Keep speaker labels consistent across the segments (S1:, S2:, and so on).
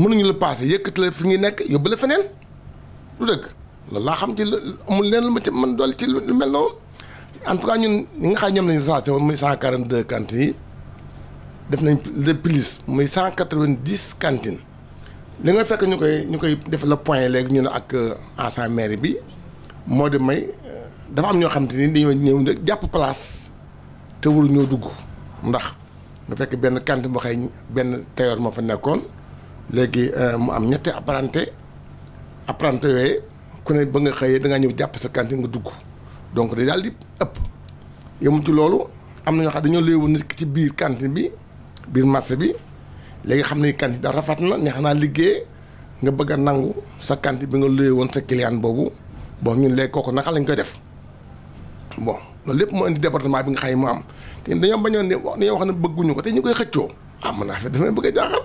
S1: mënuñu la paase yëkkati la fi ngi nekk yóbbu la feneen lu dëgg loolu laa xam ci amul leen lu ma ci mën dool ci lu mel noonu en tout cas ñun ñi nga xam ñoom lañu sensé woon muy cent quarante deux cantines yi def nañ le plus muy cent quatre vingt dix cantines li nga fekk ñu koy ñu koy def le point léegi ñu ne ak euh, ensemble mairie bi moo di may euh, dafa am ñoo xam te ni dañoo ñëw jàpp place te waru ñoo dugg ndax mu fekk benn kant mu xëy benn tailleur moo fa nekkoon léegi euh, mu am ñetti apprenti apprenti yooyu ku ne ba nga xëyee da nga ñëw jàpp sa kant nga dugg donc day daal di ëpp yemul ci loolu am na ñoo xam dañoo léewu nit ci biir cantine bi biir marché bi léegi xam ne cantine da rafet na neex naa liggéey nga bëgg a nangu sa cantine bi nga woon sa client boobu bon ñun léegi kooku naka lañ koy def bon loolu lépp moo indi département bi nga xam ne moo am te dañoo bañoon ne wax dañoo wax ko te ñu koy xëccoo ah man affaire a jaaxal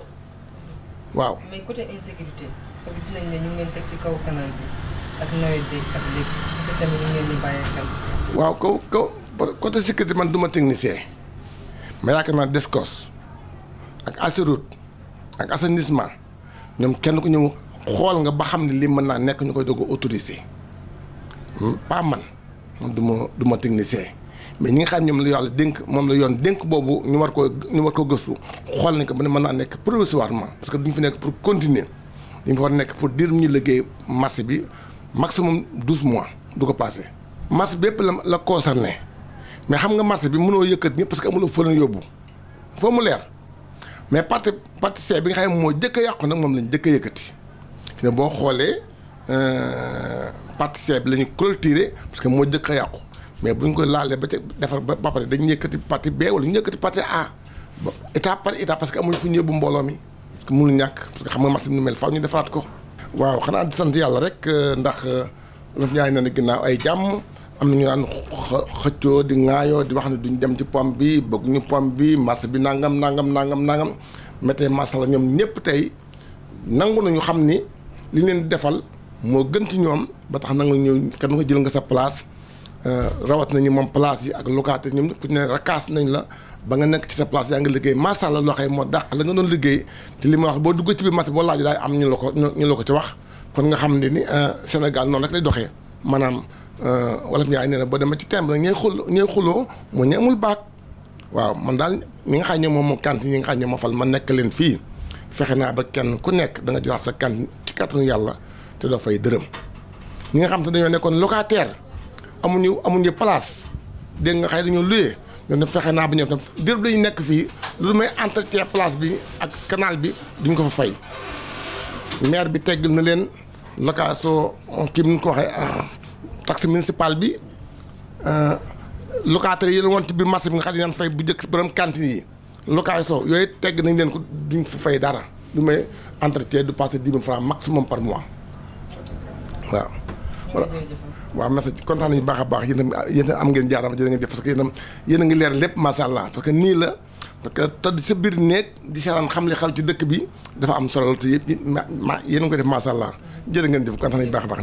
S1: waaw. mais côté insécurité teg ci kaw canal bi ak nawet bi ak lépp waaw kaw kaw côté sécurité man du ma technicien ma yaakaar naa DSCOS ak ASEROUTE ak assainissement ñoom kenn ku ñëw xool nga ba xam ne lii mën naa nekk ñu koy doog a autorisé hmm, pas man. du ma du ma technicien mais ñi nga xam ñoom la yàlla dénk moom la yoon dénk boobu ñu war ko ñu war ko gëstu xool nañ ko ba ne mën naa nekk provisoirement parce que duñ fi nekk pour continuer dañ fa war nekk pour diir ñu liggéey marché bi maximum douze mois du ko passé. marché bi yëpp la la concerné mais xam nga marché bi mënoo yëkkat ñëpp parce que amuloo fële yóbbu foo mu leer mais parti partie partie bi nga xam ne moo jëkk a yàqu nag moom lañ jëkk a yëkkati boo xoolee. Euh, partie bi la ñu clôturer parce que moo jëkk a yàqu mais bu ñu ko laalee ba ca defar ba pare dañu yëkkati partie B wala ñu yëkkati partie A ba étape par étape parce que amuñu fu ñu bu mbooloo mi parce que mënul ñàkk parce que xam nga marché nu mel faaw ñu defaraat ko. waaw xanaa di sant yàlla rek euh, ndax loolu euh, ñaari na ne ginnaaw ay jàmm. am na ñu naan xëccoo di ŋaayoo di wax ne duñu dem ci pome bi bëgguñu ñu bi marché bi nangam nangam nangam nangam mais tey masala ñoom ñëpp tey nangu nañu xam ni li leen defal moo gën ci ñoom ba tax na nga ñëw kenn ko jël nga sa place euh, rawat nañu moom place yi ak locataire ñoom ku ne rakaas nañ la ba nga nekk ci sa place yaa ngi liggéey macha allah loo xam moo dàq la nga doon liggéey li ma wax boo dugg ci biir marché boo laaj daay am ñu la ko ñu la ko ci wax kon nga xam ne ni euh, Sénégal noonu rek lay doxee maanaam euh, wala ñaay nee na boo demee ci temb nag ñooy xul ñooy xuloo moo ñu amul baag waaw man daal ñi nga xam moom moom kant ñi nga xam ne fal ma nekk leen fii fexe naa ba kenn ku nekk da nga jëlaat sa kant ci kàttanu yàlla te doo fay dërëm ñi nga xam te dañoo nekkoon locataire amuñu amuñu place dégg nga xëy dañoo luyee ñoom dem fexe naa ba ñoom tam diir bi nekk fii lu may entretien place bi ak canal bi duñ ko fa fay maire bi teggil na leen location kii mu ko waxee ah, taxe municipale bi ah, locataires yi la woon ci biir marché bi nga xam fay bu njëkk borom cantine yi location yooyu tegg nañ leen ko duñ fa fay dara lu may entretien du passé dix mille francs maximum par mois waaw. voilà waaw merci kontaan nañu baax a baax yéen a yéen am ngeen jaaraama jërë ngeen jëf parce que yéen a ngi leer lépp macha allah parce que nii la parce que tëdd sa biir néeg di seetaan xam li xaw ci dëkk bi dafa am solo te yéen a ngi koy def macha allah jërë ngeen jëf kontaan nañu baax a baax.